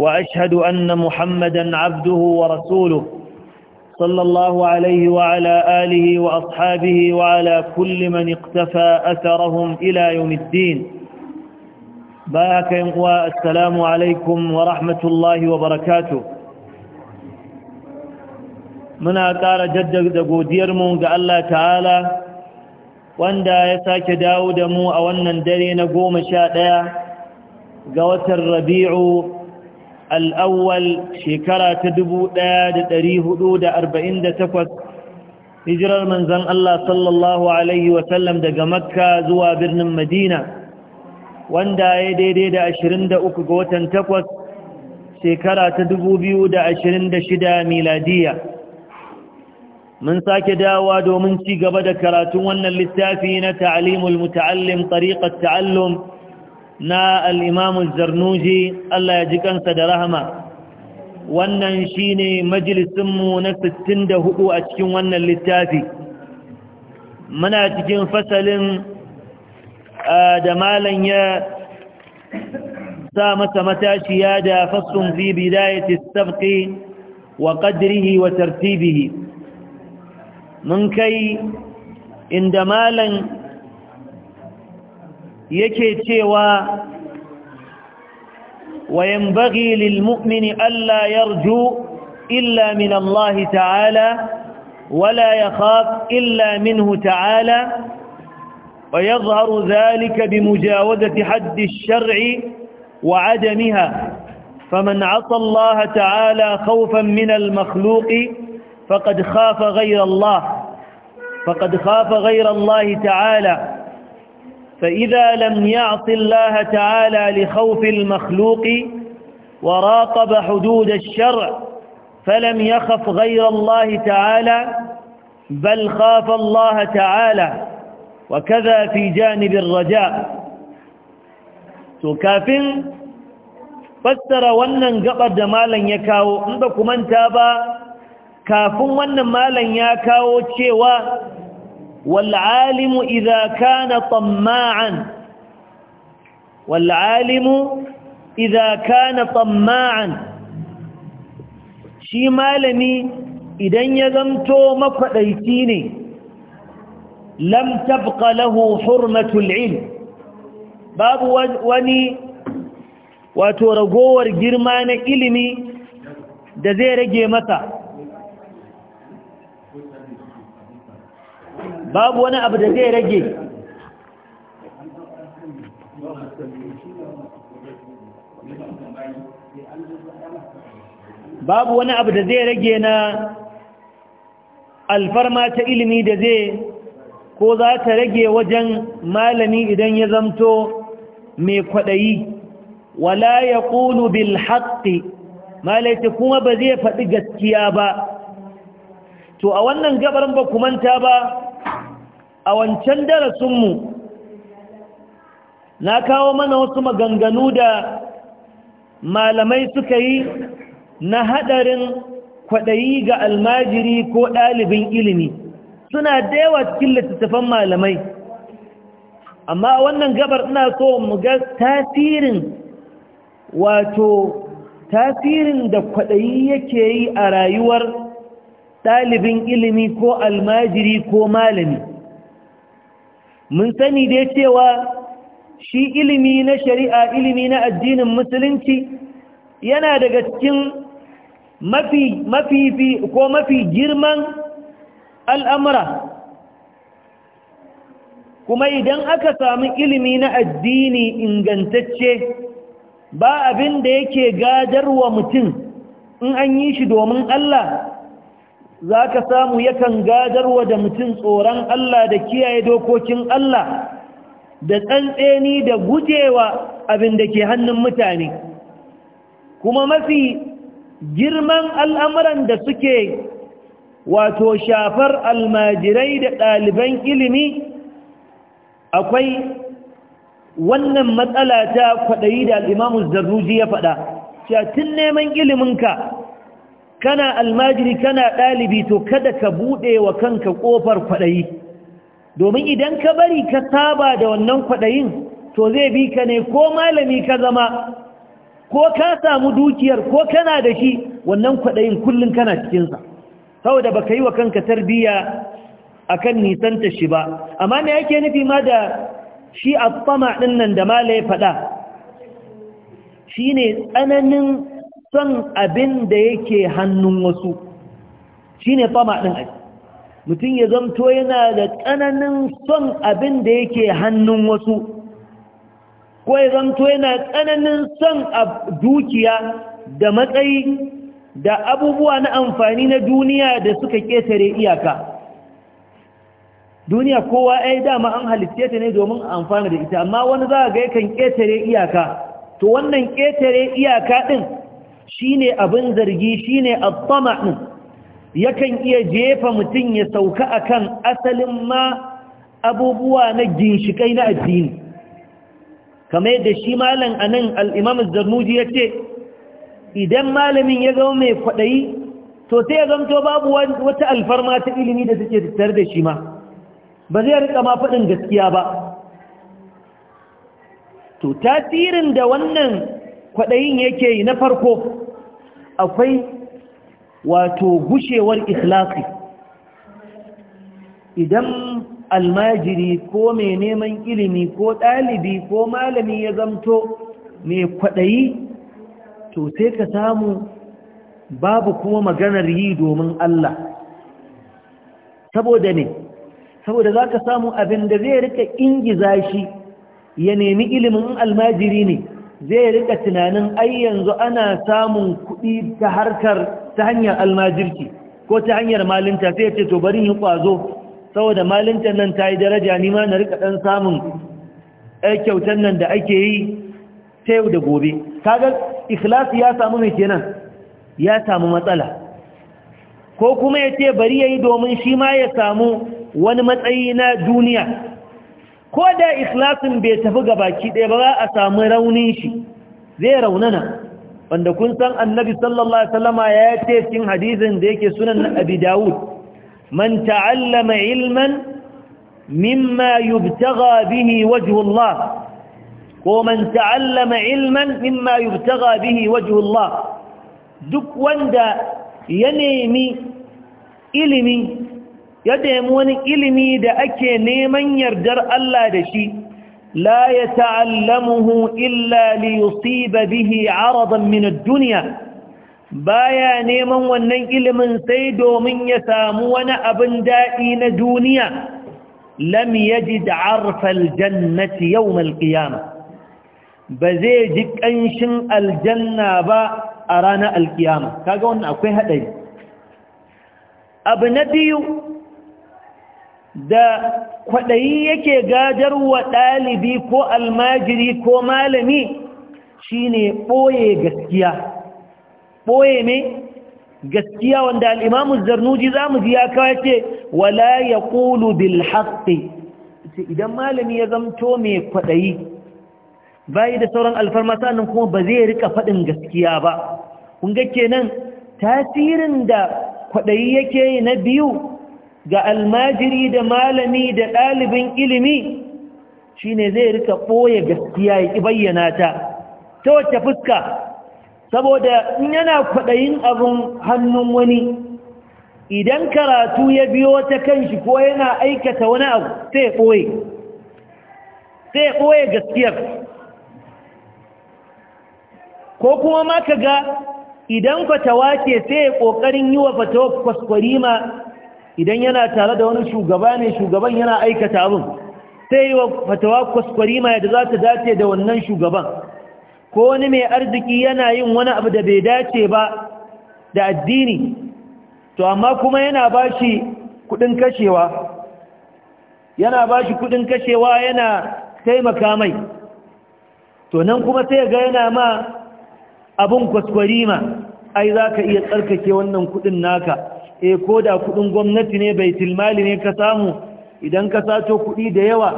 وأشهد أن محمدا عبده ورسوله صلى الله عليه وعلى آله وأصحابه وعلى كل من اقتفى أثرهم إلى يوم الدين باك السلام عليكم ورحمة الله وبركاته من أكار جد godiyarmu ga قال تعالى وأن ya sake dawo da mu a wannan dare na al'awwal shekara ta dubu ɗaya da da da takwas hijirar manzan Allah sallallahu Alaihi wasallam daga makka zuwa birnin madina wanda ya daidai da ashirin da uku ga watan takwas shekara ta dubu biyu da da shida miladiya mun sake dawa domin ci gaba da karatun wannan littafi na ta'alimul muta'allim tariqat ta'allum na al'imamun zarnuji Allah ya ji kansa da rahama wannan shi ne majalisunmu na 64 a cikin wannan littafi muna cikin fasalin da malan ya sa masa matashiya da fasun fi bidayati sabqi wa qadrihi wa tartibihi mun kai inda malan yake cewa وينبغي للمؤمن ألا يرجو إلا من الله تعالى ولا يخاف إلا منه تعالى ويظهر ذلك بمجاوزة حد الشرع وعدمها فمن عصى الله تعالى خوفا من المخلوق فقد خاف غير الله فقد خاف غير الله تعالى فإذا لم يعص الله تعالى لخوف المخلوق وراقب حدود الشرع فلم يخف غير الله تعالى بل خاف الله تعالى وكذا في جانب الرجاء تكافن فسر wannan gabar da malam ya kawo in ba ku manta ba kafin wannan malam ya kawo cewa والعالم إذا كان طماعا والعالم إذا كان طماعا شي مالمي إذن يذمتو مفأيتيني لم تبق له حرمة العلم باب وني واتورقور جرمان إلمي دزير جيمتا babu wani abu da zai rage babu wani abu da zai rage na alfarma ta ilimi da zai ko za ta rage wajen malami idan ya zamto mai kwaɗayi wala ya ƙulu bil haƙƙi malaita kuma ba zai faɗi gaskiya ba to a wannan gabar ba kumanta ba a wancan darasinmu na kawo mana wasu maganganu da malamai suka yi na haɗarin kwaɗayi ga almajiri ko ɗalibin ilimi suna da yawa cikin littattafan malamai amma wannan gabar ina so mu ga tasirin wato tasirin da kwaɗayi yake yi a rayuwar ɗalibin ilimi ko almajiri ko malami mun sani dai cewa shi ilimi na shari'a ilimi na addinin musulunci yana daga cikin mafi mafi ko mafi girman al'amura kuma idan aka samu ilimi na addini ingantacce ba abin da yake gadarwa mutum in an yi shi domin Allah za ka samu yakan gadarwa da mutum tsoron Allah da kiyaye dokokin Allah da tsantseni da gujewa abin da ke hannun mutane kuma mafi girman al'amuran da suke wato shafar almajirai da ɗaliban ilimi akwai wannan matsala ta kwaɗayi da al'imamu zarruji ya faɗa shatin neman iliminka kana almajiri kana ɗalibi to kada ka buɗe wa kanka ƙofar kwaɗayi domin idan ka bari ka saba da wannan kwaɗayin to zai bi ka ne ko malami ka zama ko ka samu dukiyar ko kana da shi wannan kwaɗayin kullum kana cikinsa saboda ba ka yi wa kanka tarbiyya a kan nisanta shi ba amma me yake nufi ma da shi a tsama ɗin nan da mala ya faɗa shi ne tsananin son abin da yake hannun wasu shine fama ɗin aiki mutum ya zanto yana da tsananin son abin da yake hannun wasu ko ya zanto yana tsananin son dukiya da matsayi da abubuwa na amfani na duniya da suka ƙetare iyaka duniya kowa ai dama an halitta ta ne domin amfana da ita amma wani za a ga yakan ƙetare iyaka to wannan ƙetare iyaka ɗin ne abin zargi shine at-tama'u yakan iya jefa mutum ya sauka akan asalin ma abubuwa na ginshikai na addini kamar yadda shi malam anan nan, imam az ya yace idan malamin ya zama mai kwaɗayi to sai ya zamto babu wata alfarma ta ilimi da take tattare da shi ma ba zai rika ma faɗin gaskiya ba to tasirin da wannan kwaɗayin yake yi na farko akwai wato gushewar ikhlasi idan almajiri ko mai neman ilimi ko ɗalibi ko malami ya zamto mai kwaɗayi to sai ka samu babu kuma maganar yi domin Allah saboda ne saboda za ka samu abin da zai rika ingiza shi ya nemi ilimin almajiri ne zai rika tunanin ai yanzu ana samun kuɗi ta harkar ta hanyar almajirki ko ta hanyar malinta sai ya ce to bari yi kwazo saboda malintan nan ta yi daraja nima na rika ɗan samun kyautan nan da ake yi ta yau da gobe kaga ikhlasi ya samu mai kenan ya samu matsala ko kuma ya ce bari ya yi domin shi ma ya samu wani matsayi na duniya ko da ikhlasin bai tafi ga baki ɗaya ba za a samu raunin shi zai raunana wanda kun san annabi sallallahu alaihi wasallama ya ce cikin hadisin da yake sunan abi dawud man ta'allama ilman mimma yubtagha bihi wajhu Allah ko man ta'allama ilman mimma yubtagha bihi wajhu Allah duk wanda ya nemi ilimi ya nemi wani ilimi da ake neman yardar Allah da shi la ya ta'allamuhu illa li yusiba bihi aradan min duniya ba baya neman wannan ilimin sai domin ya samu wani abin daɗi na duniya lam da arfal jannati yau malƙiyama ba zai ji ƙanshin aljanna ba a ranar alkiyama kaga wannan akwai haɗari abu na biyu da kwaɗayi yake gajar wa ɗalibi ko almajiri ko malami shine ɓoye gaskiya ɓoye ne gaskiya wanda al'imamu zarnuji za mu ji ya kawai ce wala ya ƙulu bil idan malami ya zamto mai kwaɗayi bayi da sauran alfarma nan kuma ba zai rika faɗin gaskiya ba kunga kenan tasirin da kwaɗayi yake na biyu ga almajiri da malami da ɗalibin ilimi shine zai rika ɓoye gaskiya ya ƙi bayyana ta ta wacce fuska saboda in yana kwaɗayin abun hannun wani idan karatu ya biyo ta kanshi ko yana aikata wani abu sai ya ɓoye sai ɓoye gaskiyar ko kuma ma ka ga idan fatawa ke sai ya ƙoƙarin yi wa fatawa kwaskwarima idan yana tare da wani shugaba ne shugaban yana aikata abin sai yi wa fatawa kwaskwari ma yadda za ta dace da wannan shugaban ko wani mai arziki yana yin wani abu da bai dace ba da addini to amma kuma yana ba shi kudin kashewa yana ba shi kudin kashewa yana taimaka mai to nan kuma sai ga yana ma abin kwaskwari ma ai za ka iya tsarkake wannan kudin naka E ko da kudin gwamnati ne bai tilmali ne ka samu idan ka sato kudi da yawa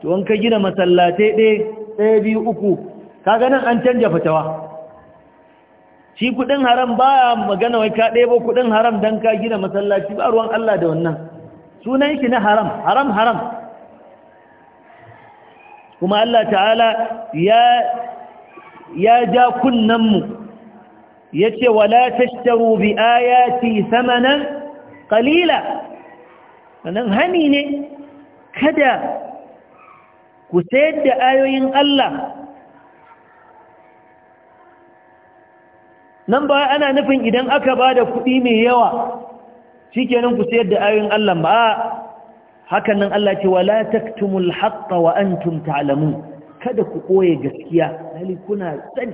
to an ka gina masallatai ɗaya ɗaya biyu uku Ka ganin an canja fatawa shi kudin haram baya magana wai ka ɗebo kudin haram don ka gina masallaci ba ruwan Allah da wannan sunan shi na haram haram haram kuma Allah ta'ala ya ya ja kunnanmu yace wala tashtaru bi ayati thamanan qalila nan hani ne kada ku sayar da ayoyin Allah nan ba ana nufin idan aka ba da kuɗi mai yawa shikenan ku sayar da ayoyin Allah ba hakan nan Allah ce wala taktumul haqqa wa antum ta'lamun kada ku koye gaskiya hali kuna sani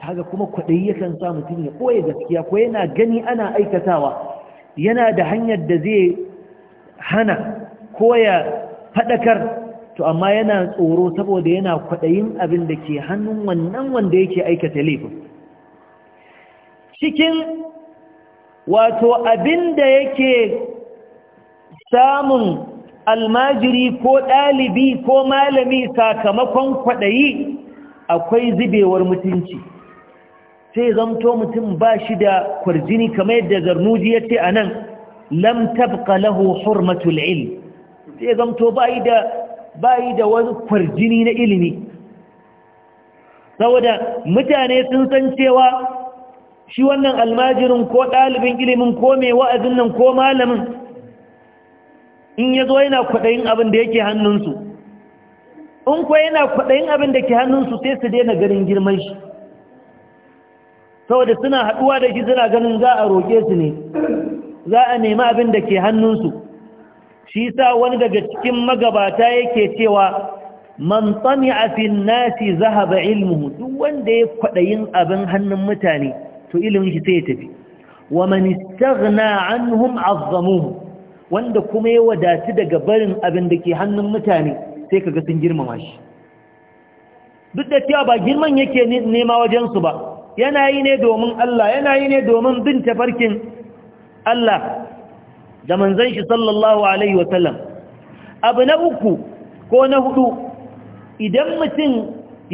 kaga kuma kwaɗayi yakan sa mutum ya ɓoye gaskiya ko yana gani ana aikatawa yana da hanyar da zai hana ko ya faɗakar to amma yana tsoro saboda yana kwaɗayin abin da ke hannun wannan wanda yake aikata laifin cikin wato abin da yake samun almajiri ko ɗalibi ko malami sakamakon kwaɗayi akwai zubewar mutunci sai zamto mutum ba shi da kwarjini kamar yadda zarnuji ya ce a nan lam tabqa lahu hurmatul ilm sai zamto ba yi da wani kwarjini na ilimi saboda mutane sun san cewa shi wannan almajirin ko ɗalibin ilimin ko mai wa'azin nan ko malamin in ya zo yana kwaɗayin abin da yake hannunsu in kuwa yana kwaɗayin abin da ke hannunsu sai su daina ganin girman shi saboda suna haɗuwa da shi suna ganin za a roƙe su ne za a nemi abin da ke hannunsu shi sa wani daga cikin magabata yake cewa man tsami'a fin nasi zahaba ilmuhu duk wanda ya kwaɗayin abin hannun mutane to ilimin shi sai ya tafi wa man istaghna anhum azzamuhu wanda kuma ya wadatu daga barin abin da ke hannun mutane sai kaga sun girmama shi duk da cewa ba girman yake nema wajensu ba yana yi ne domin Allah yana yi ne domin bin tafarkin Allah da manzon shi sallallahu alaihi wasallam abu na uku ko na hudu idan mutum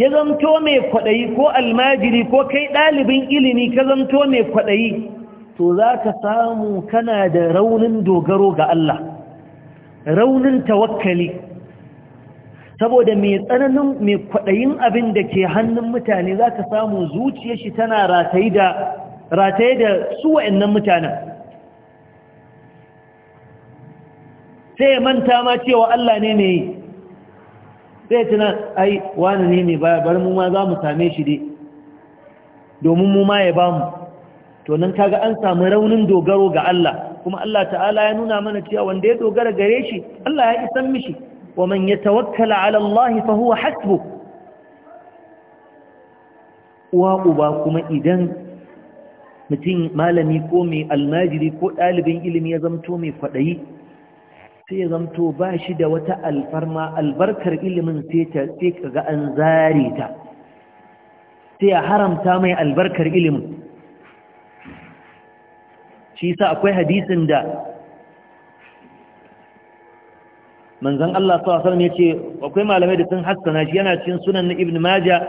ya zanto mai kwaɗayi ko almajiri ko kai ɗalibin ilimi ka zanto mai kwaɗayi to za ka samu kana da raunin dogaro ga Allah raunin tawakkali saboda mai tsananin mai kwaɗayin abin da ke hannun mutane za ka samu zuciyar shi tana rataye da su su wa'annan mutanen sai ya manta ma cewa Allah ne ne sai tuna ai wani ne ne bar mu ma za mu same shi dai domin mu ma ya ba mu to nan kaga an samu raunin dogaro ga Allah kuma Allah ta'ala ya nuna mana cewa wanda ya dogara gare shi Allah ya isan mishi ومن يتوكل على الله فهو حسبه kuma idan mutum malami ko mai almajiri ko ɗalibin ilimi ya zamto mai faɗayi sai ya zamto ba shi da wata alfarma albarkar ilimin sai kaga an zare ta sai ya haramta mai albarkar ilimin shi yasa akwai hadisin da manzon Allah sallallahu alaihi wasallam ce akwai malamai da sun hassana shi yana cin sunan ibn maja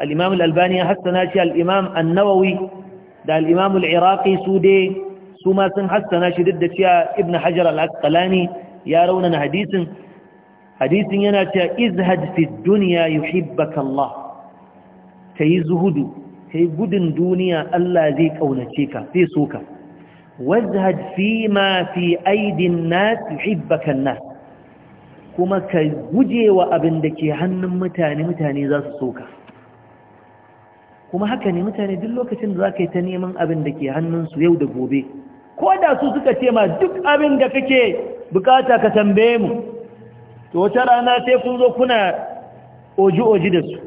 al'imam imam ya hassana shi nawawi da al'imam imam al-iraqi su dai su ma sun hassana shi duk da cewa ibn hajar al-asqalani ya raunana hadisin hadisin yana cewa izhad fi dunya yuhibbaka Allah kai zuhudu kai gudun duniya Allah zai ƙaunace ka zai so ka wazhad fi ma fi aidin nas yuhibbaka nas kuma ka gujewa abin da ke hannun mutane mutane za su soka kuma haka ne mutane duk lokacin da za ka yi ta neman abin da ke hannunsu yau da gobe ko da su suka ce ma duk abin da kake bukata ka tambaye mu to wata rana sai kun zo kuna oji-oji da su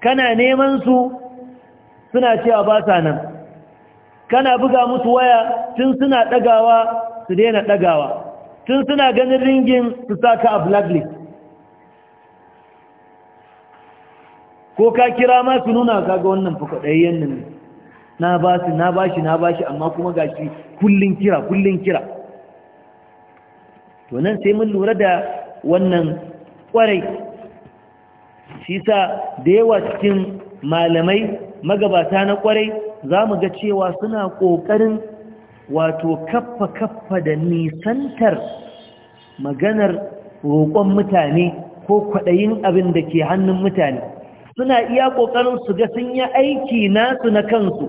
kana neman su suna cewa ba sa nan kana buga musu waya tun suna ɗagawa su daina ɗagawa tun suna ganin ringin su saka a blacklist ko ka kira ma su nuna kaga wannan fakwaɗayyen nan na ba su na ba shi na ba shi amma kuma ga shi kullum kira kullum kira to nan sai mun lura da wannan kwarai shi sa da yawa cikin malamai magabata na kwarai za mu ga cewa suna ƙoƙarin wato kaffa-kaffa da nisantar maganar roƙon mutane ko kwaɗayin abin da ke hannun mutane suna iya ƙoƙarin su ga sun yi aiki nasu na kansu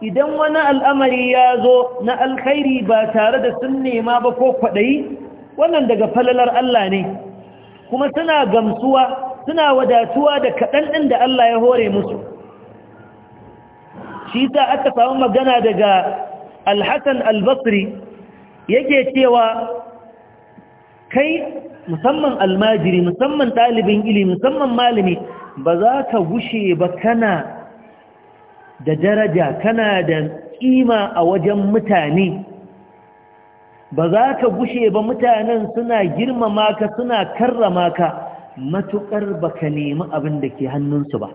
idan wani al'amari ya zo na alkhairi ba tare da sun nema ba ko kwaɗayi wannan daga falalar Allah ne kuma suna gamsuwa suna wadatuwa da kaɗan ɗin da Allah ya hore musu shi ta aka samu magana daga alhassan albasri yake cewa kai musamman almajiri musamman ɗalibin ilimi musamman malami ba za ka gushe ba kana da daraja kana da ƙima a wajen mutane ba za ka gushe ba mutanen suna girmama ka suna karrama ka matuƙar ba ka nemi abin da ke hannunsu ba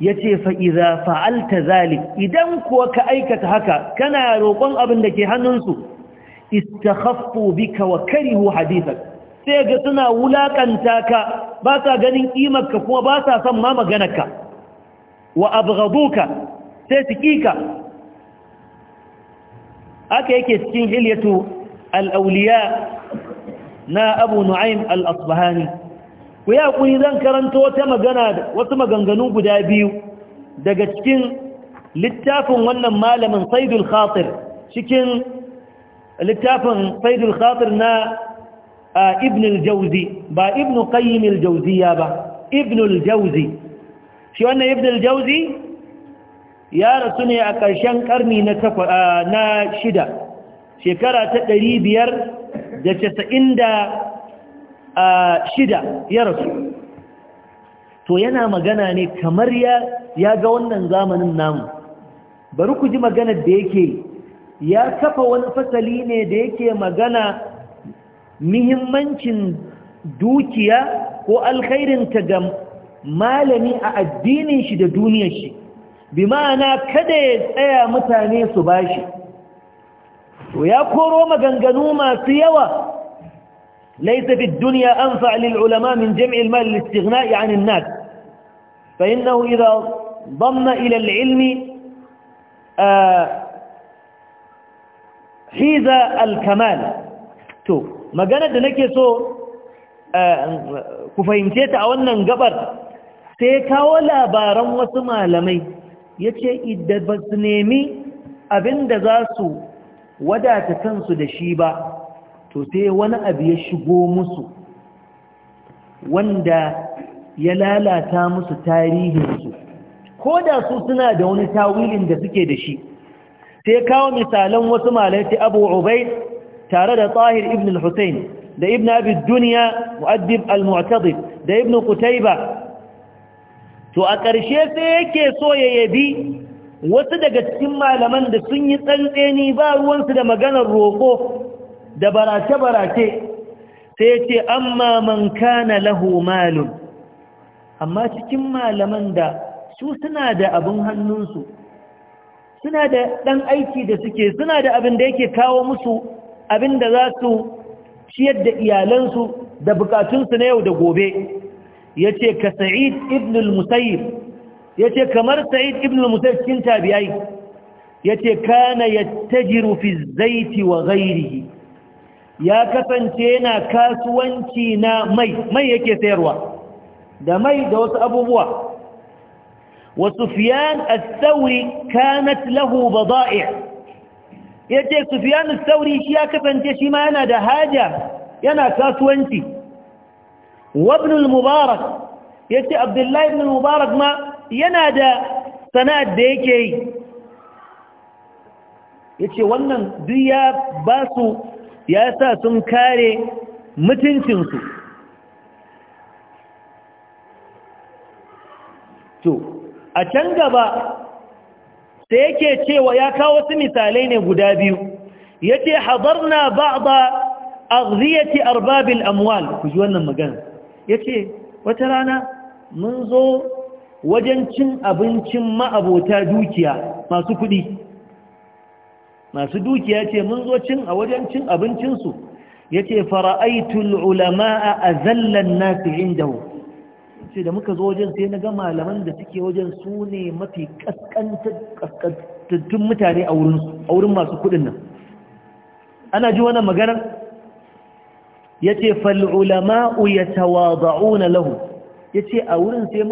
ya ce fa'iza fa'alta zalik idan kuwa ka aikata haka kana roƙon abin da ke hannunsu istakhaffu bika wa karihu hadithak sai ga suna wulaƙanta ka ba sa ganin ƙimarka kuma ba sa son ma maganarka wa abgaduka sai su ƙiƙa aka yake cikin hilyatu al'auliya na abu nu'aim al'asbahani ku yi haƙuri zan karanta wata magana wasu maganganu guda biyu daga cikin littafin wannan malamin saidul khatir cikin littafin saidul khatir na ibn al ba ibn qayyim ba ibn al shi wannan ya rasu ne a ƙarshen ƙarni na shida shekara ta ɗari biyar da casa'in da shida ya rasu to yana magana ne kamar ya ya ga wannan zamanin namu bari ku ji maganar da yake ya kafa wani fasali ne da yake magana muhimmancin dukiya ko alkhairinta ga malami a addinin shi da duniyar shi bi ma'ana kada ya tsaya mutane su bashi to ya koro maganganu masu yawa ليس في الدنيا أنفع للعلماء من جمع المال للاستغناء عن الناس فإنه إذا ضم إلى العلم آه، حيز الكمال ما قالت لك سو آه، كفهمتيت أولا قبر سيكا ولا بارا وسمع لمي يتشي إدى بسنيمي أبن دزاسو ودا تكنسو دشيبا to wani abu ya shigo musu wanda ya lalata musu tarihinsu ko da su suna da wani tawilin da suke da shi sai kawo misalan wasu malaiti abu ubai tare da tsahir ibn al-husayn da ibn abi duniya mu'addib al-mu'tadib da ibn qutayba to a ƙarshe sai yake so ya yabi wasu daga cikin malaman da sun yi tsantseni ba ruwansu da maganar roƙo da barace-barace sai ce amma man kana lahu malun amma cikin malaman da su suna da abin hannunsu suna da ɗan aiki da suke suna da abin da yake kawo musu abin da za su ciyar da iyalansu da bukatunsu na yau da gobe ya ce ka sa'id ibn al ya ce kamar sa'id ibn al kin cikin tabi'ai ya ce kana ya tajiru fi zaiti wa ghairihi ya kasance yana kasuwanci na mai mai yake sayarwa da mai da wasu abubuwa wa sufyan as-sauri kanat lahu bada'i yace sufyan as-sauri shi ya kasance shi ma yana da haja yana kasuwanci wa ibn al-mubarak yace abdullahi ibn al-mubarak ma yana da sana'ar da yake yi yace wannan duk ya ba su ya sa sun kare mutuncinsu to a can gaba sai yake cewa ya kawo wasu misalai ne guda biyu ya ce na ba ba'da arziyaci arbabil amwal ku ji wannan magana ya ce wata rana mun zo wajen cin abincin ma'abota dukiya masu kuɗi masu dukiya ce mun zo cin a wajen cin abincinsu ya ce fara'aitul ulama'a a zallan nasu indahu ce da muka zo wajen sai na ga malaman da suke wajen su ne mafi kaskantattun mutane a wurin masu kudin nan ana ji wannan magana. ya ce fal'ulama'u ya lahu ya ce a wurin sai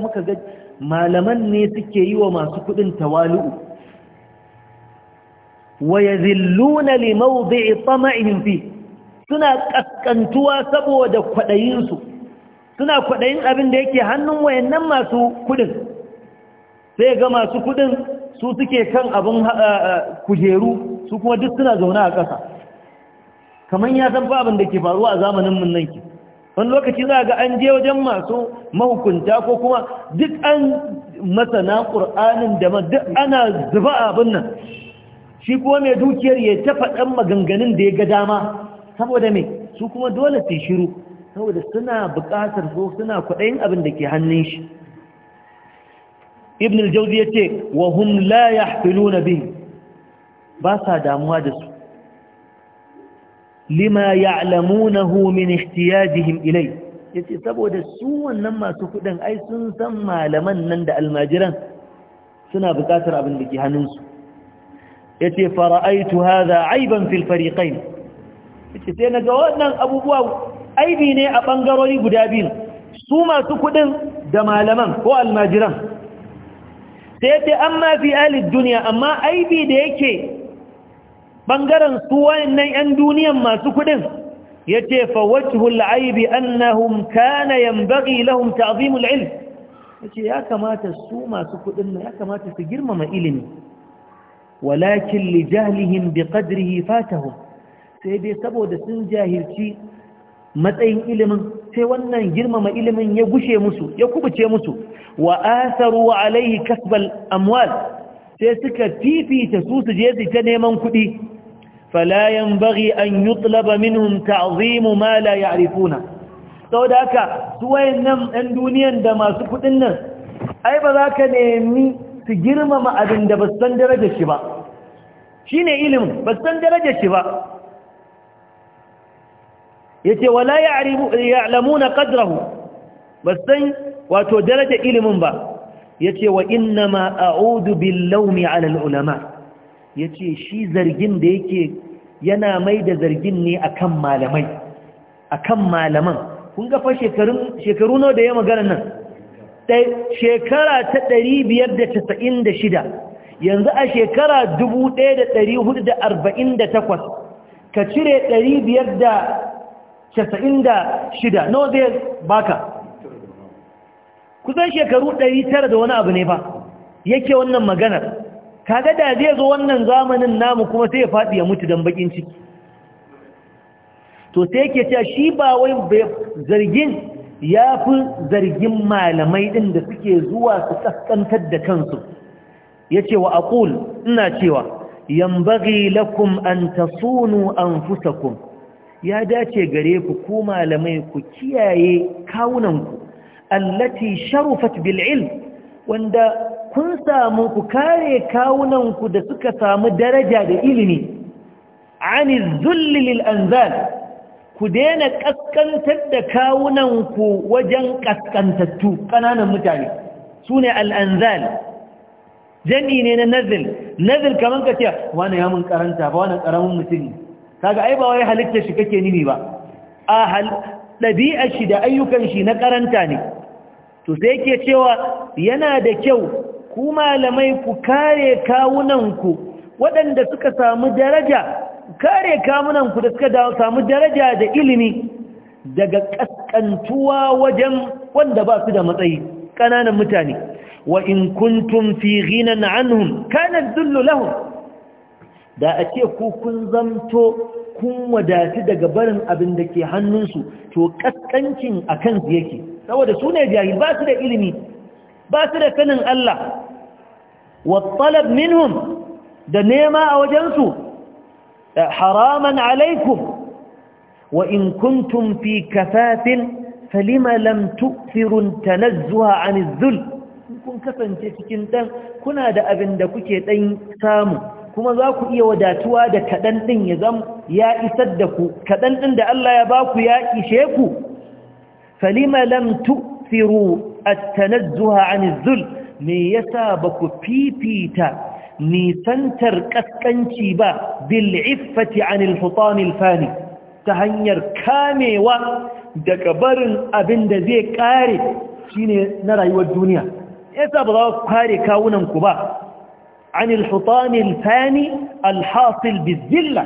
muka ga malaman ne suke yi wa masu kudin tawalu'u wa yazilluna li mawdi'i tama'ihim fi suna kaskantuwa saboda kwadayin su suna kwadayin abin da yake hannun wayannan masu kudin sai ga masu kudin su suke kan abin kujeru su kuma duk suna zaune a ƙasa kamar ya san fa abin da ke faruwa a zamanin mun nan wani lokaci za ga an je wajen masu mahukunta ko kuma duk an masana ƙur'anin da ma duk ana zuba abin nan shi kuma mai dukiyar ya ta faɗan maganganun da ya ga dama saboda mai su kuma dole su shiru saboda suna buƙatar so suna kwaɗayin abin da ke hannun shi ibn al-jawzi yace wa hum la yahfiluna bi ba sa damuwa da su lima ya'lamunahu min ihtiyajihim ilay yace saboda su wannan masu kuɗin, ai sun san malaman nan da almajiran suna buƙatar abin da ke hannun su yace fara'aitu hadha aiban fil fariqain yace sai naga wannan abubuwa aibi ne a bangarori guda biyu su masu kudin da malaman ko almajiran sai yace amma fi alid dunya amma aibi da yake bangaren su wayannan yan duniyan masu kudin yace fa wajhul aibi annahum kana yanbaghi lahum ta'zimul ilm yace ya kamata su masu kudin ya kamata su girmama ilimi walakin li jahlihim bi sai dai saboda sun jahilci matsayin ilimin sai wannan girmama ilimin ya gushe musu ya kubuce musu wa alaihi kasbal amwal sai suka fifita su su je su ta neman kuɗi fala yanbaghi an yutlaba minhum ta'zimu ma la ya'rifuna saboda haka su wayannan ɗan duniyan da masu kuɗin nan ai ba za ka nemi su girmama abin da ba san darajar shi ba shi ne ilimin ba san darajar shi ba ya ce wala ya alamuna kadrahu. ba san wato darajar ilimin ba ya ce wa inna ma bin launi alal ulama ya ce shi zargin da yake yana mai da zargin ne akan malamai akan malaman kun gafa shekaru nawa da ya magana nan shekara ta ɗari biyar da da shida. yanzu a shekara 1448 ka cire 596 nawa zai baka kusan shekaru 900 da wani abu ne ba yake wannan maganar kaga da zai zo wannan zamanin namu kuma sai ya faɗi ya mutu don bakin ciki to sai yake cewa shi ba wai zargin ya fi zargin malamai ɗin da suke zuwa su kaskantar da kansu yace wa aqul ina cewa yanbaghi lakum an tasunu anfusakum ya dace gare ku ku malamai ku kiyaye kawunanku allati sharufat bil ilm wanda kun samu ku kare kawunanku da suka samu daraja da ilimi ani zulli lil anzal ku daina kaskantar da kawunanku wajen kaskantattu kananan mutane sune al anzal jami'i ne na nazil nazil kaman ka ce wani ya mun karanta ba wani karamin mutum kaga ai ba wai halitta shi kake nini ba a hal dabi'a shi da ayyukan shi na karanta ne to sai yake cewa yana da kyau ku malamai ku kare kawunanku waɗanda suka samu daraja kare ku da suka samu daraja da ilimi daga kaskantuwa wajen wanda ba su da matsayi ƙananan mutane وإن كنتم في غنى عنهم كان الذل لهم da a ce ku kun zamto kun wadatu daga barin abin da ke hannunsu to kaskancin a kansu yake saboda su ne jahil ba su da ilimi ba su da sanin Allah wattalab minhum da nema a wajensu haraman alaikum wa in kuntum fi kafafin falima lam tu'thirun tanazzuha 'anil dhulm kun kasance cikin ɗan kuna da abin da kuke ɗan samu kuma za ku iya wadatuwa da kaɗan ɗin ya zam ya isar da ku kaɗan ɗin da Allah ya ba ku ya ishe ku falima lam tu'thiru at-tanazzuha 'an zul me yasa ba ku fifita nisantar kaskanci ba bil iffati 'an al-hutan al-fani ta hanyar kamewa daga barin abin da zai kare shine na rayuwar duniya yasa ba za ku kare kawunan ku ba anil hutani alfani alhasil bizilla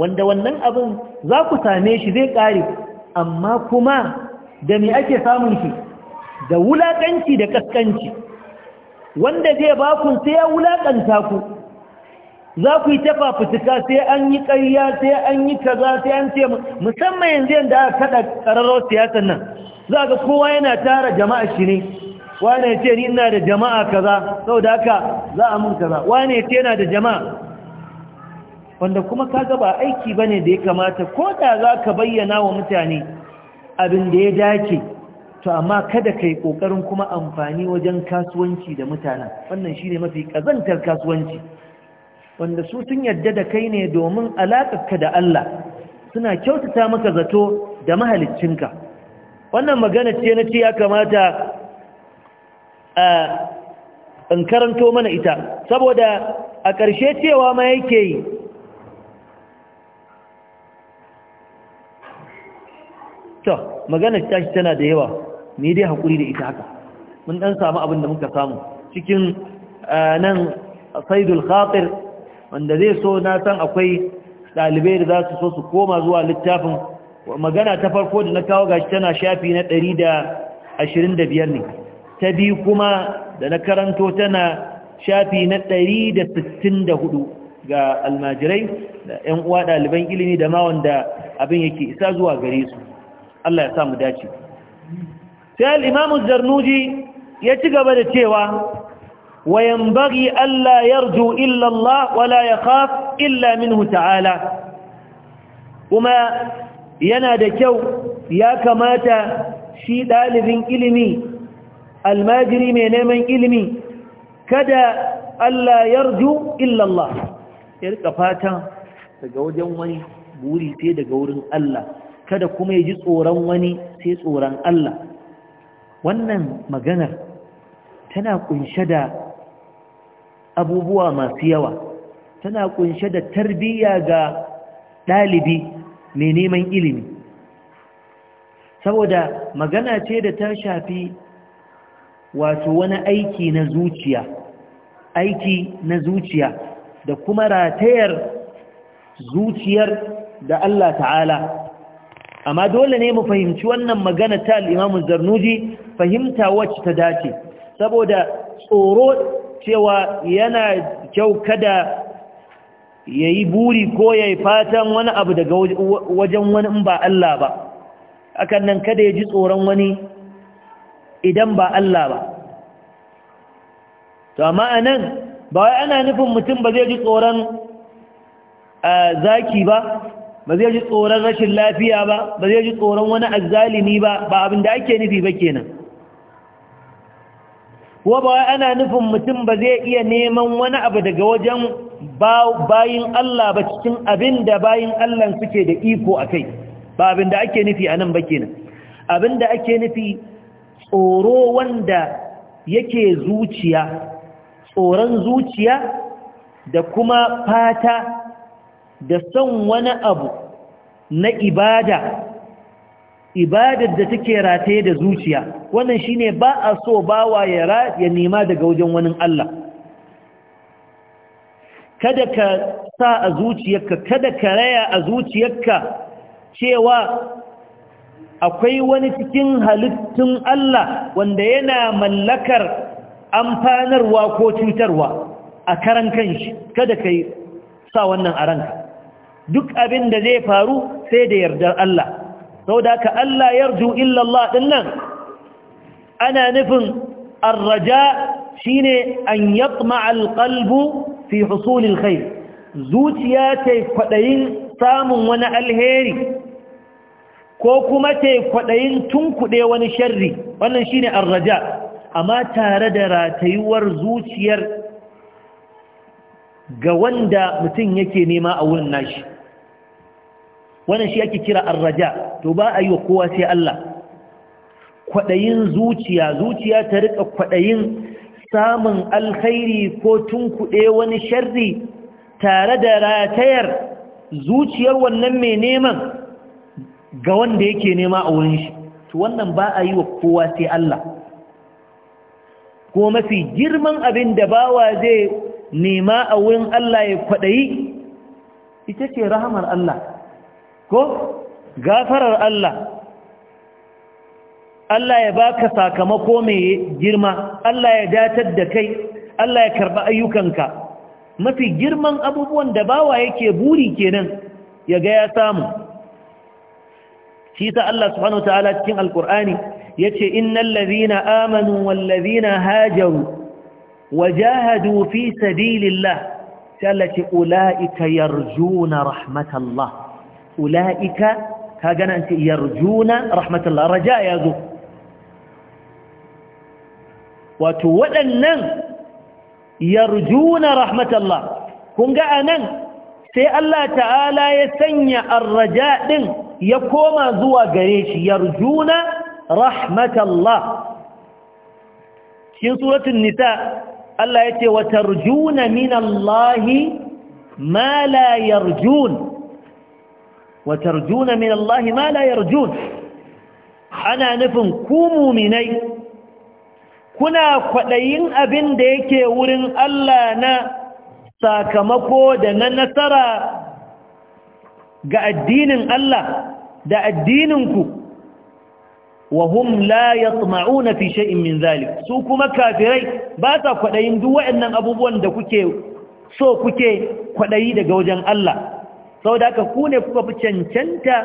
wanda wannan abin za ku same shi zai kare amma kuma da me ake samun shi da wulakanci da kaskanci wanda zai bakun sai ya wulakanta ku za ku yi tafa fitika sai an yi ƙarya sai an yi kaza sai an ce musamman yanzu yadda aka kada ƙararrawar siyasar nan za ga kowa yana tara jama'a shi ne wane ce ni ina da jama'a kaza saboda haka za a mun kaza wane ce yana da jama'a wanda kuma kaga ba aiki bane da ya kamata ko da za ka bayyana wa mutane abin da ya dace to amma kada ka yi ƙoƙarin kuma amfani wajen kasuwanci da mutana, wannan shi ne mafi ƙazantar kasuwanci wanda su sun yarda da kai ne domin ka da Allah suna kyautata maka zato da mahaliccinka wannan magana ce na ce ya kamata in karanto mana ita saboda a ƙarshe cewa ma yake yi to magana ta shi tana da yawa Me dai haƙuri da ita haka mun ɗan samu abin da muka samu cikin nan saidul khatir wanda zai so na san akwai ɗalibai da za su so su koma zuwa littafin magana ta farko da na kawo gashi tana shafi na 125 ne ta biyu kuma da na karanto tana shafi na 164 ga almajirai da 'yan uwa ɗaliban ilimi da ma wanda abin yake isa zuwa gare su Allah ya samu dace sai al'imamu zarnuji ya ci gaba da cewa wayan bari Allah yarju illallah wala ya khaf illa minhu ta'ala kuma yana da kyau ya kamata shi ɗalibin ilimi almajiri mai neman ilimi kada Allah yarju illallah ya rika fata daga wajen wani buri sai daga wurin Allah kada kuma ya ji tsoron wani sai tsoron Allah wannan maganar tana kunshe da abubuwa masu yawa tana kunshe da tarbiyya ga ɗalibi mai neman ilimi saboda magana ce da ta shafi wato wani aiki na zuciya aiki na zuciya da kuma ratayar zuciyar da Allah ta'ala amma dole ne mu fahimci wannan magana ta al'imamun zarnuji fahimta wacce ta dace saboda tsoro cewa yana kyau kada ya yi buri ko ya yi fatan wani abu daga wajen wani in ba Allah ba akan nan kada ya ji tsoron wani idan ba Allah ba to amma anan ba wai ana nufin mutum ba zai ji tsoron zaki ba ba zai ji tsoron rashin lafiya ba ba zai ji tsoron wani azzalimi ba ba abin da ake nufi ba kenan ko ba wai ana nufin mutum ba zai iya neman wani abu daga wajen bayin Allah ba cikin abin da bayin Allah suke da iko a kai ba abin da ake nufi a nan ba kenan abin da ake nufi tsoro wanda yake zuciya tsoron zuciya da kuma fata da son wani abu na ibada ibadar da take rataye da zuciya wannan shine ba a so bawa ya ya nema daga wajen wani Allah kada ka sa a zuciyarka kada ka raya a zuciyarka cewa akwai wani cikin halittun Allah wanda yana mallakar amfanarwa ko cutarwa a karan kanshi kada kai sa wannan a ranka duk abin da zai faru sai da yardar Allah sau da ka Allah yarju illallah ɗin nan ana nufin arraja shine an yatma alqalbu fi husulil khair zuciya ta kwadayin samun wani alheri ko kuma ta kwaɗayin tunkuɗe wani sharri wannan shi shine arraja amma tare da ratayuwar zuciyar ga wanda mutum yake nema a wurin nashi wannan shi ake kira arraja to ba a yi wa kowa sai Allah kwaɗayin zuciya zuciya ta rika kwaɗayin samun alkhairi ko tunkuɗe wani sharri tare da ratayar zuciyar wannan mai neman ga wanda yake nema a wurin shi to wannan ba a yi wa kowa sai Allah ko mafi girman abin da bawa zai nema a wurin Allah ya kwadayi ita ce rahamar Allah ko gafarar Allah Allah ya baka sakamako mai girma Allah ya datar da kai Allah ya karba ayyukanka mafi girman abubuwan da bawa yake buri kenan ya ga ya samu shi ta Allah subhanahu wa ta'ala cikin alkur'ani ya ce innal ladhina amanu wal ladhina hajaru wajahadu fi sabilillah sai Allah ce ulaika yarjuna rahmatallah ulaika ka gana ce yarjuna rahmatallah raja ya zo wato waɗannan yarjuna rahmatallah kun ga nan sai Allah ta'ala ya sanya arraja din ya koma zuwa gare shi yarjuna rahmatallah cikin suratul nisa Allah yace wa tarjuna minallahi ma la yarjun wa tarjuna minallahi ma la yarjun ana nufin ku mu'minai kuna kwadayin abin da yake wurin Allah na sakamako da na nasara ga addinin Allah da addininku wa hum la yatma'una fi shay'in min zalik su kuma kafirai ba sa kwadayin duk waɗannan abubuwan da kuke so kuke kwadayi daga wajen Allah saboda haka ku ne kuka fi cancanta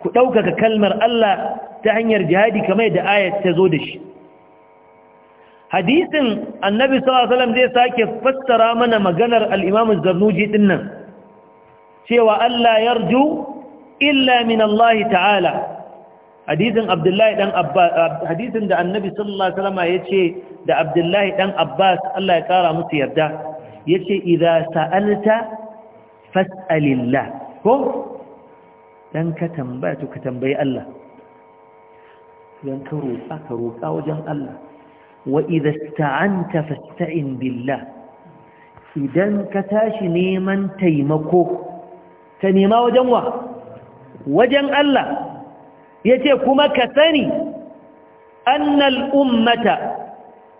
ku ɗaukaka kalmar Allah ta hanyar jihadi kamar da ayat ta zo da shi hadisin annabi sallallahu alaihi wasallam zai sake fassara mana maganar al-imam az-zarnuji dinnan cewa Allah ya yarju illa min Allah ta'ala hadisin Abdullahi dan Abbas hadisin da Annabi sallallahu alaihi wasallam yace da Abdullahi dan Abbas Allah ya kara musu yarda yace idza sa'alta fas'alillah ko dan ka tambaya to ka tambayi Allah dan ka roƙa ka roƙa wajen Allah wa idza ista'anta fasta'in billah idan ka tashi neman taimako ka nema wajen wa wajen Allah yace kuma ka sani annal ummata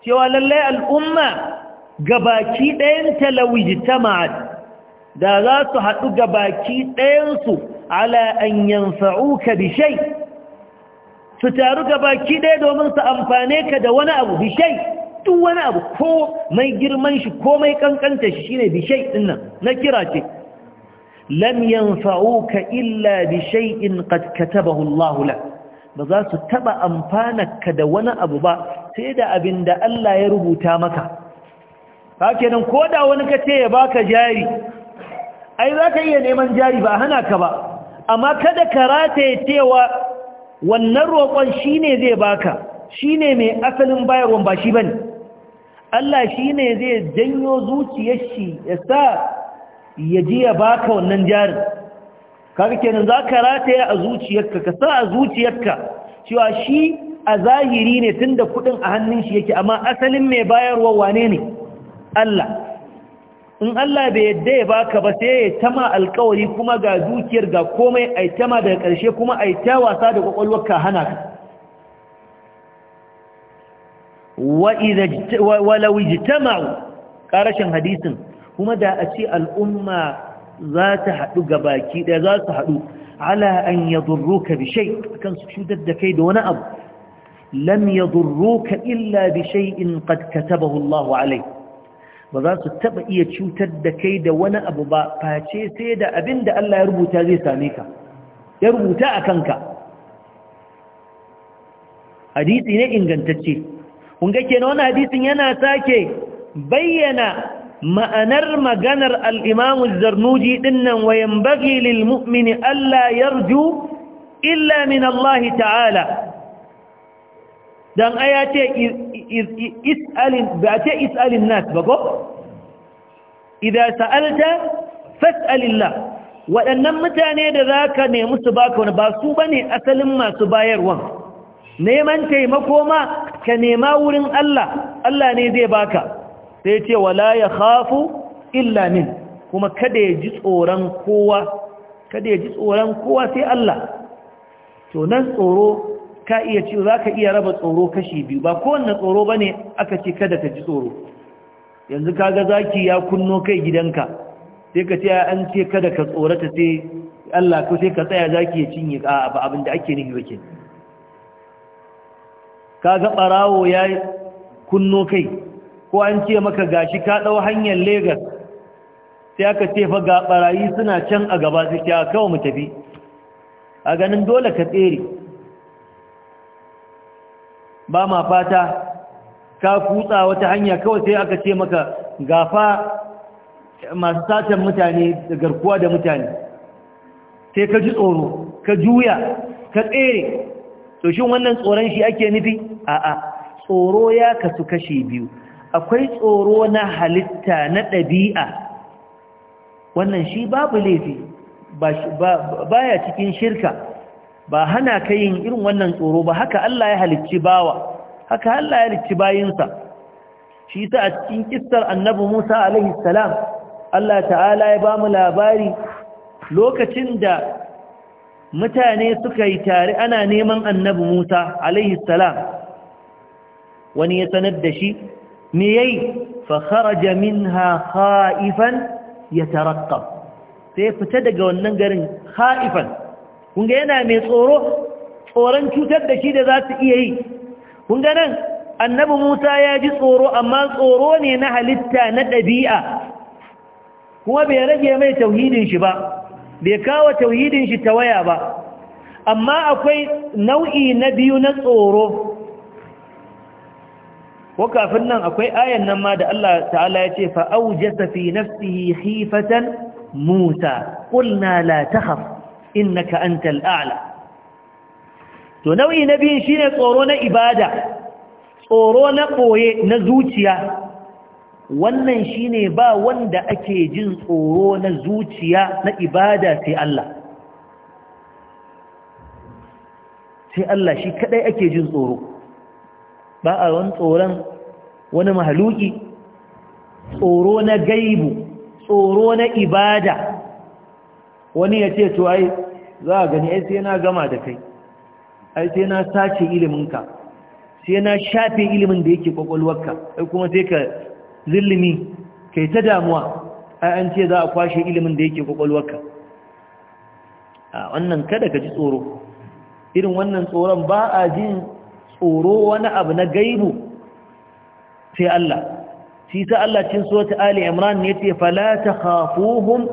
cewa lallai al'umma gabaki ɗayan talawiji ta da za su haɗu gabaki ɗayansu ala an yanfa'uka bishai su taru gabaki ɗaya domin su amfane ka da wani abu bishai duk wani abu ko mai girman shi ko mai kankanta shi shine bishai ɗin nan na kira ce lam yanfa'uka illa bi shay'in qad katabahu Allah lak ba za su taba amfanarka da wani abu ba sai da abin da Allah ya rubuta maka haka nan koda wani kace ya baka jari ai za ka iya neman jari ba hana ka ba amma kada ka rataye cewa wannan roƙon shi ne zai baka shi ne mai asalin bayarwan ba shi ba ne Allah shi ne zai janyo zuciyar shi ya sa ya ji ya baka wannan jarin kaga kenan za ka rataya a zuciyarka ka sa a zuciyarka cewa shi a zahiri ne tun da kudin a hannun shi yake amma asalin mai bayarwa wane ne Allah in Allah bai yadda ya baka ba sai ya tama alkawari kuma ga dukiyar ga komai a tama daga ƙarshe kuma a ta wasa da ka hana ka wa Ka ƙarashin hadisin kuma da a ce al'umma za ta haɗu ga baki ɗaya za su haɗu ala an ya durruka bi shai kan su cutar da kai da wani abu lam ya durruka illa bishai in qad katabahu Allah alai ba za su taɓa iya cutar da kai da wani abu ba face sai da abin da Allah ya rubuta zai same ka ya rubuta a kanka hadisi ne ingantacce kun ga kenan wani hadisin yana sake bayyana ma'anar maganar al'imamu zarnuji dinnan wayan bagi lilmu'mini Allah Ya rju illa min Allah ta'ala don aya ce is'alin nas ba ko? idan sa'alta fas'alillah waɗannan mutane da za ka nemi su baka wani ba su ba ne asalin masu bayarwan neman taimako ma ka nema wurin Allah Allah ne zai baka sai ce wala ya khafu illa min kuma kada ya ji tsoron kowa kada ya ji tsoron kowa sai Allah to nan tsoro ka iya ce za ka iya raba tsoro kashi biyu ba kowanne tsoro bane aka ce kada ka ji tsoro yanzu kaga zaki ya kunno kai gidanka sai ka ce an ce kada ka tsorata sai Allah ko sai ka tsaya zaki ya cinye ka ba abin da ake nufi yake. Ka kaga barawo ya kunno kai ko an ce maka gashi ka ɗau hanyar Legas sai aka ce fa ga ɓarayi suna can a gaba su kya kawo mu tafi a ganin dole ka tsere ba ma fata ka kutsa wata hanya kawai sai aka ce maka gafa masu satan mutane da garkuwa da mutane sai ka ji tsoro ka juya ka tsere to shin wannan tsoron shi ake nufi a'a tsoro ya kasu kashi biyu akwai tsoro na halitta na ɗabi'a wannan shi babu laifi baya cikin shirka ba hana ka yin irin wannan tsoro ba haka Allah ya halicci bawa haka Allah ya halicci bayinsa shi ta a cikin kistar annabi Musa alaihi Allah ta'ala ya ba mu labari lokacin da mutane suka yi tare ana neman annabi Musa alaihi wani ya sanar da shi me yayi fa kharaja minha khaifan yataraqqab sai fita daga wannan garin khaifan kun ga yana mai tsoro tsoron cutar da shi da za su iya yi kun ga nan annabi Musa ya ji tsoro amma tsoro ne na halitta na ɗabi'a kuma bai rage mai tauhidin shi ba bai kawo tauhidin shi ta waya ba amma akwai nau'i na biyu na tsoro ko kafin nan akwai ayan nan ma da Allah ta'ala ya ce fa aujasa fi nafsihi khifatan Musa qulna la takhaf innaka antal a'la to nau'i na biyu shine tsoro na ibada tsoro na koye na zuciya wannan shine ba wanda ake jin tsoro na zuciya na ibada sai Allah sai Allah shi kadai ake jin tsoro ba a wani tsoron wani mahaluki tsoro na gaibu tsoro na ibada wani ya ce to ai za a gani ai sai na gama da kai ai sai na sace iliminka sai na shafe ilimin da yake kwakwalwarka ai kuma sai ka zillimi kai ta damuwa ai an ce za a kwashe ilimin da yake kwakwalwarka a wannan kada ka ji tsoro irin wannan tsoron ba a jin tsoro wani abu na gaibu sai Allah shi ta Allah cin sota Ali Imran ne yace fala khafuhum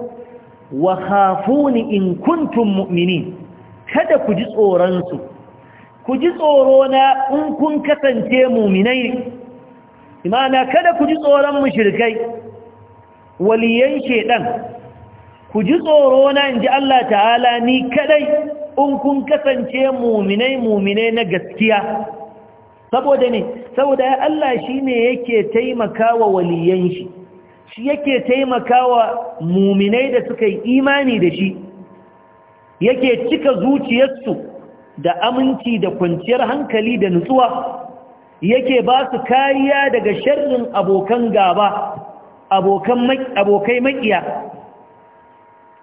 wa khafuni in kuntum mu'minin kada ku ji tsoron su ku ji tsoro na in kun kasance mu'minai imana kada ku ji tsoron mushrikai waliyan shedan ku ji tsoro na inji Allah ta'ala ni kadai in kun kasance muminai muminai na gaskiya saboda ne saboda Allah shine yake taimakawa waliyan shi shi yake taimakawa muminai da suka yi imani da shi yake cika zuciyarsu da aminci da kwanciyar hankali da nutsuwa yake ba su kariya daga sharrin abokan gaba abokai makiya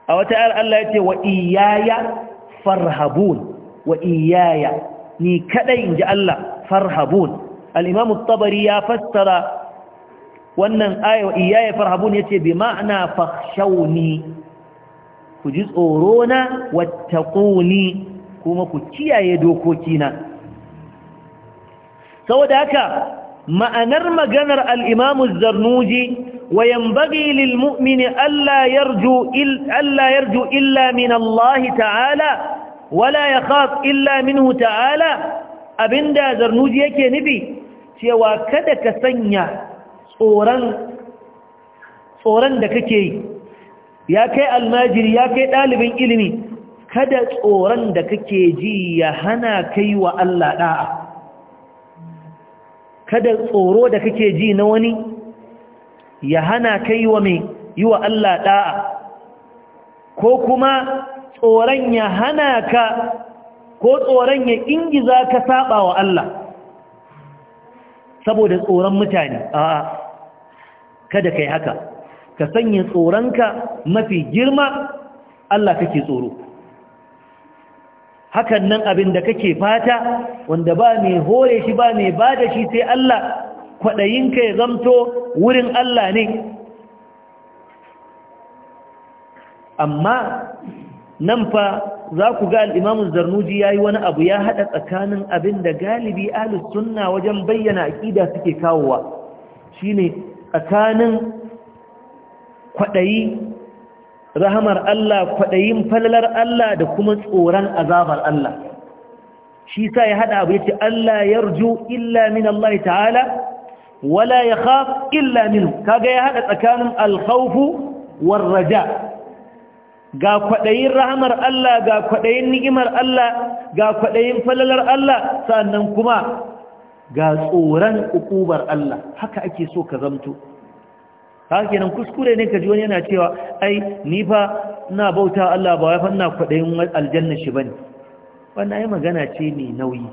a wata ayar Allah yace wa iyaya farhabun wa iyaya ni kadai inji Allah farhabun al tabari ya fassara wannan aya iyaya farhabun yace bi ma'ana fashauni ku ji tsoro na kuma ku kiyaye dokokina sau da haka ma'anar maganar al'imamu zarnuji wa yambagi lilmu'mini Allah yarju illa min Allah ta'ala wala ya khaf illa minhu ta'ala abinda zarnuji yake nufi cewa kada ka sanya tsoron da kake yi ya kai almajiri ya kai ɗalibin ilimi kada tsoron da kake ji ya hana kai wa Allah ɗa'a kada tsoro da kake ji na wani ya hana kai wa mai yi wa Allah da'a ko kuma tsoron ya hana ka ko tsoron ya ingiza ka saba wa Allah saboda tsoron mutane a kada kai haka ka sanya tsoronka mafi girma Allah kake tsoro hakan nan abin da kake fata wanda ba mai hore shi ba mai bada shi sai Allah ka ya zamto wurin Allah ne amma nan fa za ku ga al'imamun zarnuji ya yi wani abu ya haɗa tsakanin abin da galibi alus sunna wajen bayyana aƙida suke kawowa shine tsakanin kwaɗayi rahamar Allah kwaɗayin falalar Allah da kuma tsoron azabar Allah shi sa ya haɗa abu ya ce Allah yarju illa min Allah ta'ala wala ya khaf illa min kaga ya haɗa tsakanin alkhawfu war raja ga kwaɗayin rahamar Allah ga kwaɗayin ni'imar Allah ga kwaɗayin falalar Allah sannan kuma ga tsoron ukubar Allah haka ake so ka zamto haka kenan kuskure ne ka ji wani yana cewa ai ni fa ina bauta Allah ba wai fa ina kwadayin aljanna shi bane wannan ai magana ce ni nauyi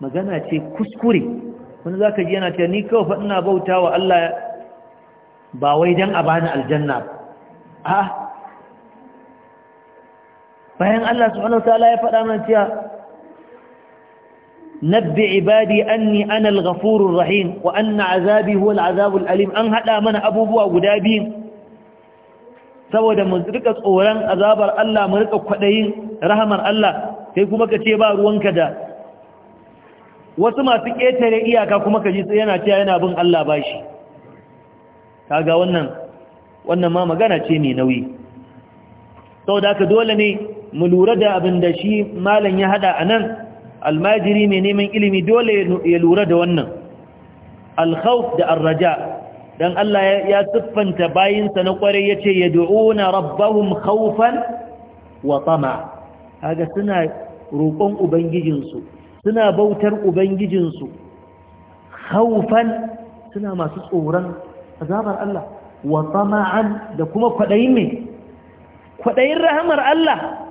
magana ce kuskure wani zaka ji yana cewa ni kawai fa ina bauta wa Allah ba wai dan a bani aljanna a bayan Allah subhanahu wataala ya faɗa mana cewa nabbi ibadi anni ana al-ghafurur rahim wa anna azabi huwa al-azabul alim an haɗa mana abubuwa guda biyu saboda mu rika tsoran azabar Allah mu rika kwadayin rahamar Allah sai kuma kace ba ruwanka da wasu masu ƙetare iyaka kuma kaji sai yana cewa yana bin Allah bashi kaga wannan wannan ma magana ce mai nauyi saboda ka dole ne mu lura da abin da shi malam ya hada anan almajiri mai neman ilimi dole ya lura da wannan alkhawf da arraja dan Allah ya siffanta bayinsa na kwarai yace yad'una rabbahum khawfan wa tama kaga suna roƙon ubangijinsu suna bautar ubangijinsu khawfan suna masu tsoron azabar Allah wa tama'an da kuma kwadayin me kwadayin rahamar Allah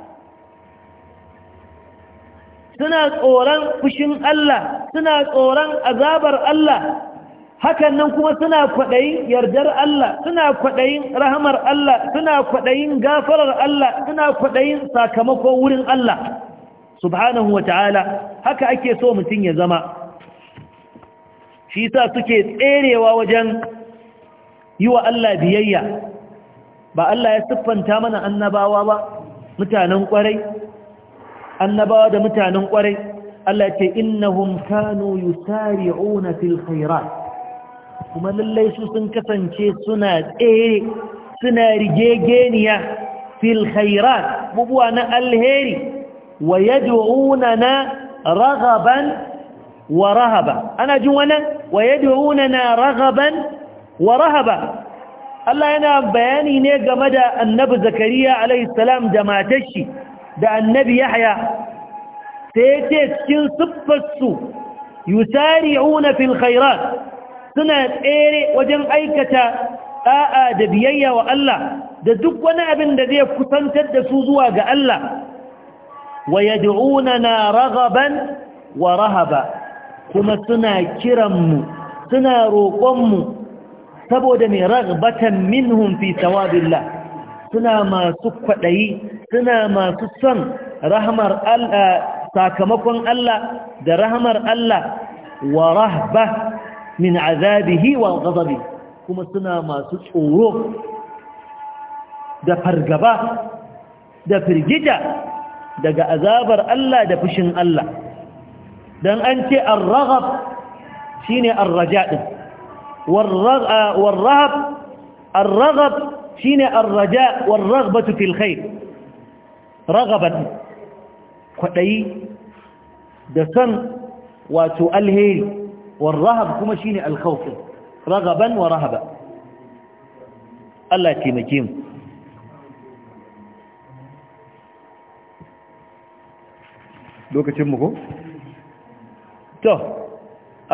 suna tsoron fushin Allah suna tsoron azabar Allah hakan nan kuma suna kwaɗayin yardar Allah suna kwaɗayin rahamar Allah suna kwaɗayin gafarar Allah suna kwaɗayin sakamako wurin Allah subhanahu wa ta'ala haka ake so mutum ya zama shi sa suke tserewa wajen yi wa Allah biyayya ba Allah ya siffanta mana annabawa ba mutanen ƙwarai annabawa da mutanen kwarai Allah ce innahum kanu yusari'una fil khairat kuma lallai su sun kasance suna tsere suna rigegeniya fil khairat bubuwa na alheri wa yad'unana raghaban wa rahaba ana jin wannan wa yad'unana raghaban wa rahaba Allah yana bayani ne game da annabi Zakariya alaihi salam da matar shi da annabi yahya sai ya ce cikin siffarsu yusari'una fil suna tsere wajen aikata da'a da biyayya wa Allah da duk wani abin da zai kusantar da su zuwa ga Allah wa na raghaban wa rahaba kuma suna kiranmu suna roƙonmu saboda mai ragbatan minhum fi tawabillah suna masu kwaɗayi suna masu son rahamar Allah sakamakon Allah da rahamar Allah wa rahba min azabihi wa ghadabi kuma suna masu tsoro da fargaba da firgita daga azabar Allah da fushin Allah dan an ce ar-raghab shine ar-raja' war-raghab ah, ar-raghab shine ar-raja wal raghbatu fil khair raghaban kwadayi da san wato alheri wal rahab kuma shine al-khawf raghaban wa rahaba Allah taimake mu lokacin mu ko to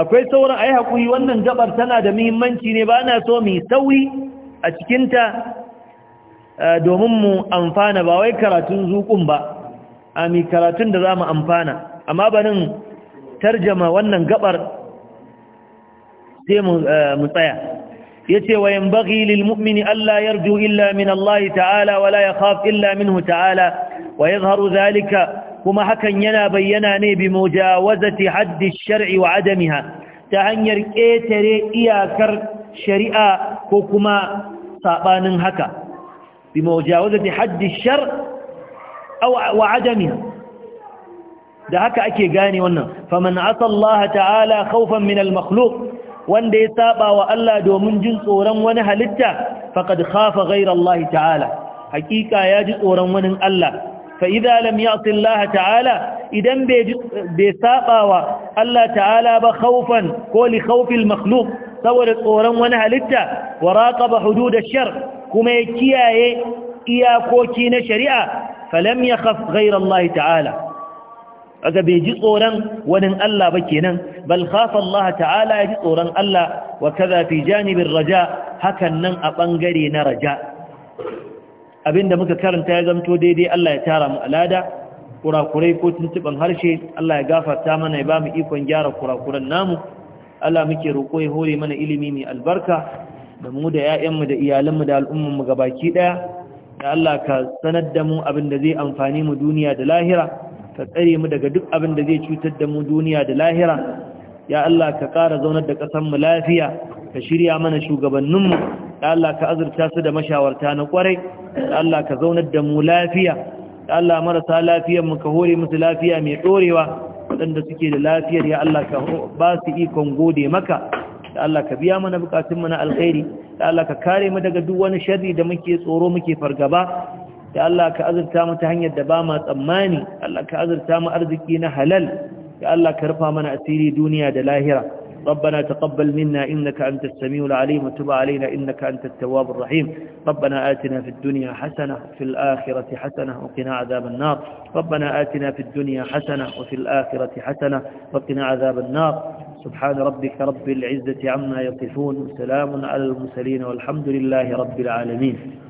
akwai sauran ayi hakuri wannan gabar tana da muhimmanci ne ba na so mu sauyi a cikinta domin mu amfana ba wai karatun zuƙun ba a mi karatun da za mu amfana amma banin tarjama wannan gabar sai mu tsaya ya ce wa yin baƙi lilmu'mini Allah ya rju illa min Allah ta'ala wala ya khaf illa minhu ta'ala wa ya zaharu zalika kuma hakan yana bayyana ne bi mujawazati haddi shar'i wa adamiha ta hanyar ƙetare iyakar shari'a ko kuma saɓanin haka bi mawajawazati haddi shar wa da haka ake gane wannan faman asa Allah ta'ala khawfan min al-makhluq wanda ya saba wa Allah domin jin tsoron wani halitta faqad khafa ghayra Allah ta'ala hakika ya ji tsoron wani Allah فإذا ta'ala. Idan bai saɓa wa Allah ta'ala ba بخوفا koli خوف المخلوق saboda tsoron wani halitta wa raqaba hudud shar kuma ya kiyaye iyakoki na shari'a falam ya kaf Allah ta'ala aga bai ji tsoron wani Allah ba kenan bal Allah ta'ala ya ji tsoron Allah wa kaza fi janibin raja hakan nan a bangare na raja abinda muka karanta ya zamto daidai Allah ya tara mu alada kurakurai ko tuntuban harshe Allah ya gafarta mana ya ba mu ikon gyara kurakuran namu Allah muke roƙo ya hore mana ilimi mai albarka da mu da 'ya'yanmu da iyalanmu da al'ummanmu gabaki ɗaya da Allah ka sanar da mu abin da zai amfani mu duniya da lahira ka tsare mu daga duk abin da zai cutar da mu duniya da lahira ya Allah ka ƙara zaunar da mu lafiya ka shirya mana shugabanninmu ya Allah ka azurta su da mashawarta na ƙwarai ya Allah ka zaunar da mu lafiya ya Allah marasa lafiyarmu ka hore musu lafiya mai ɗorewa waɗanda suke da lafiyar ya Allah ka ba su ikon gode maka da Allah ka biya mana bukatunmu na alkhairi da Allah ka kare mu daga duk wani sharri da muke tsoro muke fargaba da Allah ka azurta mu ta hanyar da ba ma tsammani Allah ka azurta mu arziki na halal da Allah ka rufa mana asiri duniya da lahira ربنا تقبل منا إنك أنت السميع العليم وتب علينا إنك أنت التواب الرحيم ربنا آتنا في الدنيا حسنة وفي الآخرة حسنة وقنا عذاب النار ربنا آتنا في الدنيا حسنة وفي الآخرة حسنة وقنا عذاب النار سبحان ربك رب العزة عما يصفون سلام على المرسلين والحمد لله رب العالمين